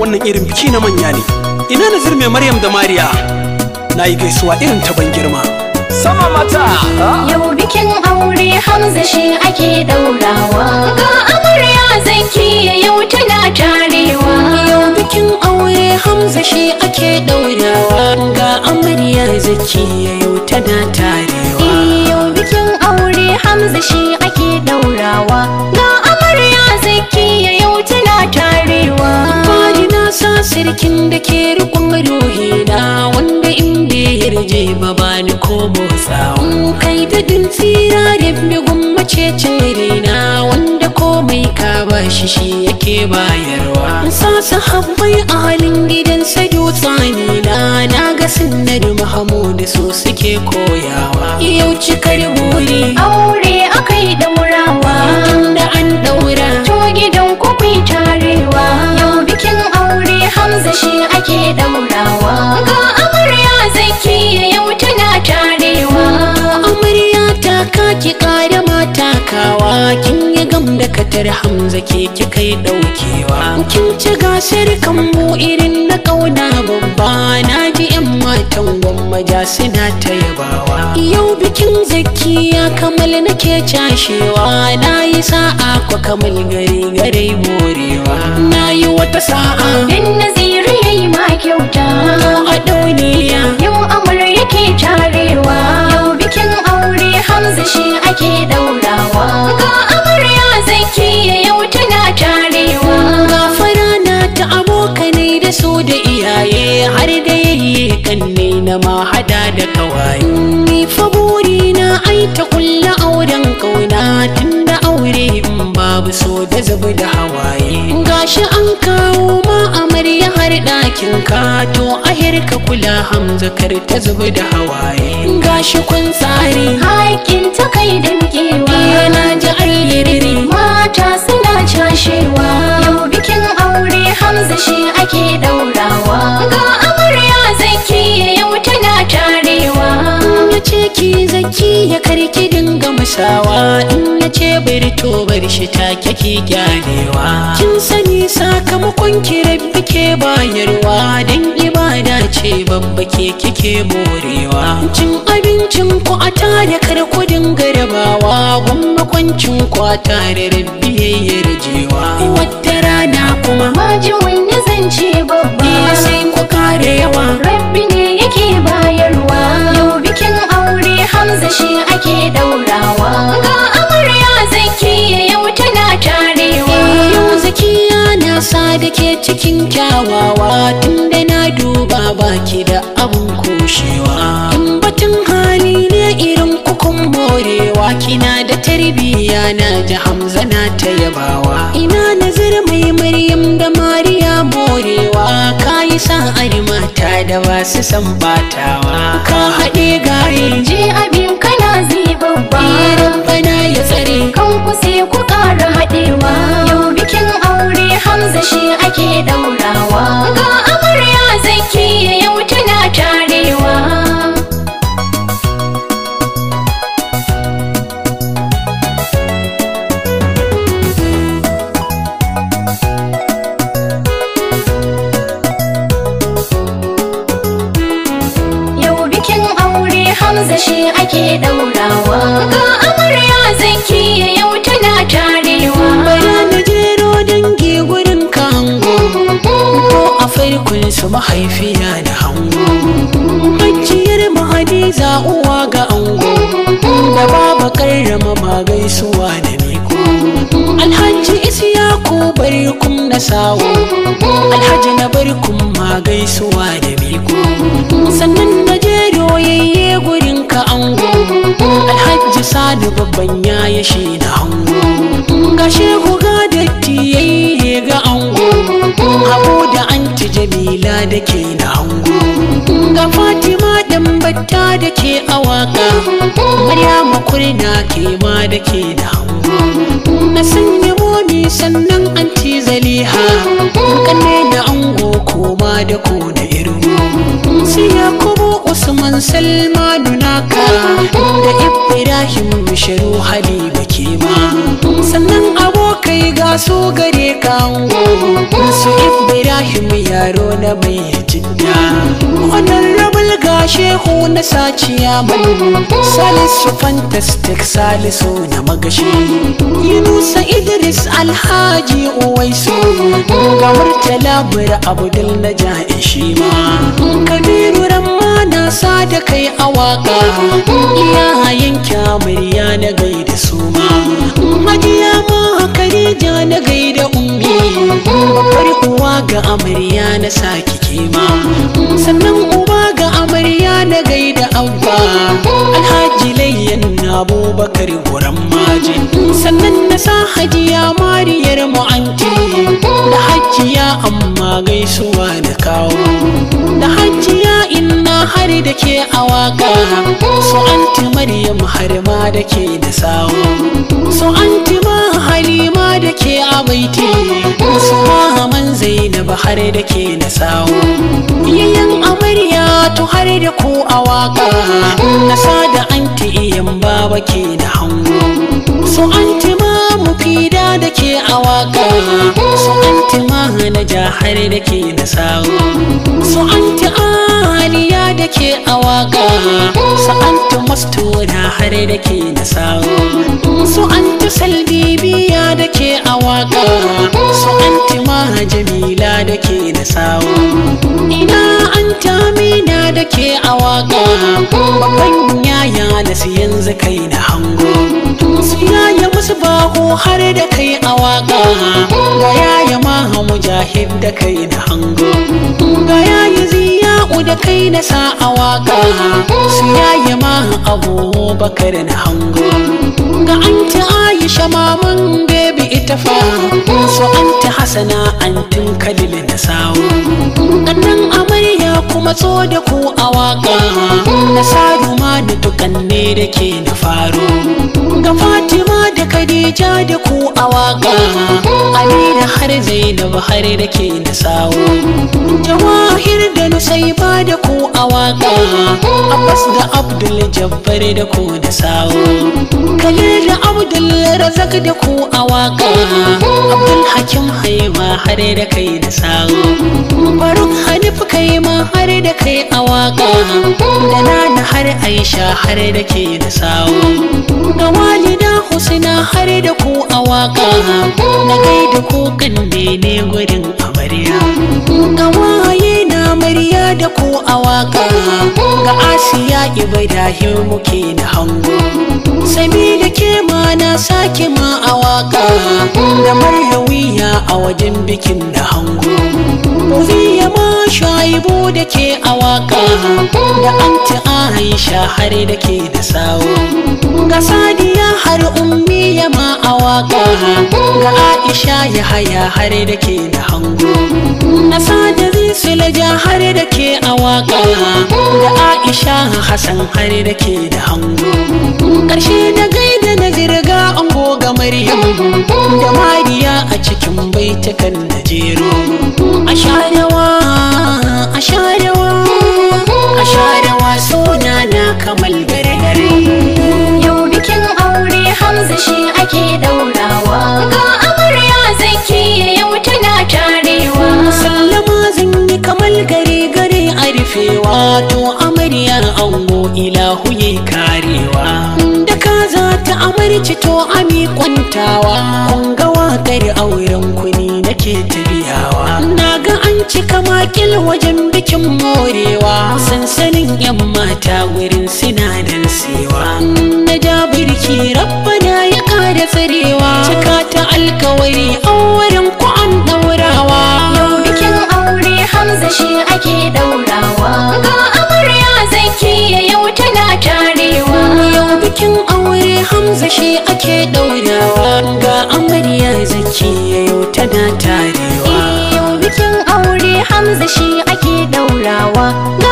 wannan irin biki na manya ne ina nazir mai maryam da mariya na yi gaisuwa irin ta ban girma sama mata yau bikin aure hamza shi ake daurawa ga amarya zanki yau tana tarewa yau bikin aure hamza shi ake daurawa ga amarya zaki yau tana tarewa eh, yau bikin aure hamza shi ake sarkin da ke rikon ruhi na wanda in ya yarje ba ba ni ko motsa in kai da din tsira da bi gummace cire na wanda komai ka ba shi shi yake bayarwa in sa su a halin gidan sa na na ga sunnar muhammadu su suke koyawa yau cikar buri aure akai da murawa da an daura to gidan ku tarewa hamza shi ake daurawa ga amarya zaki yau tana tarewa amarya ta kaki mata matakawa kin yi gam da katar hamza ke ki kai daukewa kin ci gasar kambu irin na kauna babba na ji yan matan gwamma ja suna ta yaba zakiya kamal nake cashewa na yi sa'a kwa kamal gari gari morewa na yi wata sa'a bin naziri ya yi ma kyauta a ɗauniya yau amur yake carewa yau bikin aure hamza shi ake ɗaurawa ga amarya zakiya yau tana carewa ga farana ta abokanai da su da iyaye har da yayi kanne na ma ta kulla auren kauna tun da aure in babu so da zubi da hawaye gashi an kawo ma amarya har ɗakin ka to ahir ka kula hamza kar ta zubi da hawaye gashi kun tsari haƙin ta kai dangewa yana ji ayyiriri mata suna cashewa yau bikin aure hamza shi ake daurawa sawa in na ce bari to bar shi ta ki gyanewa kin sani sakamakon ki rabbi ke bayarwa dan ibada ce babba ke kike morewa cin abincin ku a tare kar ku dinga rabawa kwancin ku a tare rabbi yayyar jewa wata rana kuma maji wani zance babba sai ku kare yawa rabbi ne yake bayarwa yau bikin hamza shi ake daurawa ga amarya zakiya yau tana tarewa yau zakiya na sa da ke cikin kyawawa tunda na duba baki da abun koshewa in batun hali ne irin kukun morewa kina da tarbiya na ji hamza na ta yabawa ina nazar mai maryam da mariya morewa yi sa'ari ta da masu san batawa ka haɗe gari je abin kana zai babba bana ya tsare kan ku sai ku ƙara haɗewa yau bikin aure hamza shi ake ɗaurawa maza shi ake ɗaurawa ga amarya zanki yau tana tarewa bara na jero dangi gurin ka hango ko a farkon su mahaifiya da hango baciyar mahadi uwa ga ango da baba karrama ma gaisuwa da alhaji isiya ku bari kum na sawo alhaji na bari kum ma gaisuwa da ku. sannan na jero yayye gurin ka ango alhaji sani babban ya yi shi na hango ga shehu ga datti yayye ga ango abu da anti jamila da ke na ga fatima dambatta da ke awaka maryama kurna ke ma da ke da na sanya momi sannan an ci zaliha kanne da ango koma da ko da irin siya kubo usman salma dunaka da ibrahim sharu habiba ma. sannan abu riga su gare ka su ibrahim yaro na mai jidda wannan rabul ga shehu na saciya mai salisu fantastic salisu na magashi yunusa idris alhaji uwaisu ga murtala bura abdul na shi ma kabiru ramana sa da kai awaka iyayen kyamarya na gaida su ma majiya ma Khadija na gaida ummi bari kuwa ga amarya na saki kima Sannan uba ga amarya na gaida abba Alhaji layyan na Abubakar guran maji Sannan na sa hajiya mariyar anti Da hajiya amma gaisuwa da kawo Da hajiya inna har da ke a waka Su anti Maryam har ma da ke da sawo Su anti ma hali ya man Usman Zainab har da ke na sawo Yayan amarya to har da ku a waka Na da anti iyan baba ke da hango su anti fida da ke a waka su antima na jahar da ke da sawo su anti aliya da ke a waka su anti mastura har da ke da sawo su anti salbibiya da ke a waka su anti jamila da ke da sawo ina anta amina da ke a waka babban yaya da su yanzu kai da hango sahu har da kai a waka ga yaya maha mujahid da kai na hango ga 'ya'yi ziyaku da kai na sa a waka su yaya maha abu bakar na hango ga anti aisha maman bebi ita fa su anti hasana antin kalil na sawo Kuma matso da ku a waka na sadu ma da tukanne da ke na faro ga fatima da khadija da ku a waka amina har zainab har da ke na sawo jama'a Tahir da nusaiba da ku a waka Abbas da Abdul Jabbar da ku da sawo Kalir da Abdul Razak da ku a waka Abdul Hakim haima har da kai da sawo Faruk Hanif kai ma har da kai a waka Da Nana har Aisha har da ke da sawo Ga walida Husna har da ku a waka Na gaida ku kan ne gurin amarya Ga amarya da ko a waƙa. ga asiya ibrahim muke da hango da ke ma na sake ma a waƙa. da maryawiya a wajen bikin da hango muziya ma shaibu da ke a waƙa. da anti aisha har da ke da sawo ga sadiya har ummiya ma a waƙa. ga ya haya har da ke da hango na sada laja har da ke a waka da aisha hassan har da ke da hango karshe da gaida na zirga an ga maryam da mariya a cikin baitakan da jero a share rufewa to amaryar ango ilahu ya karewa da kaza ta amarci to ami kwantawa ga wakar auren kuni nake tabiyawa na ga an cika makil wajen bikin morewa sansanin yan mata wurin sinadar sewa na ja birki rabbana ya kara tsarewa cika ta alkawari auren ku an daurawa yau bikin aure hamza shi ake daura amarya zan kiye yau tana tarewa yau bikin aure hamza shi ake ɗaurawa ga amarya zan kiye yau tana tarewa eh, yau bikin aure hamza shi ake ɗaurawa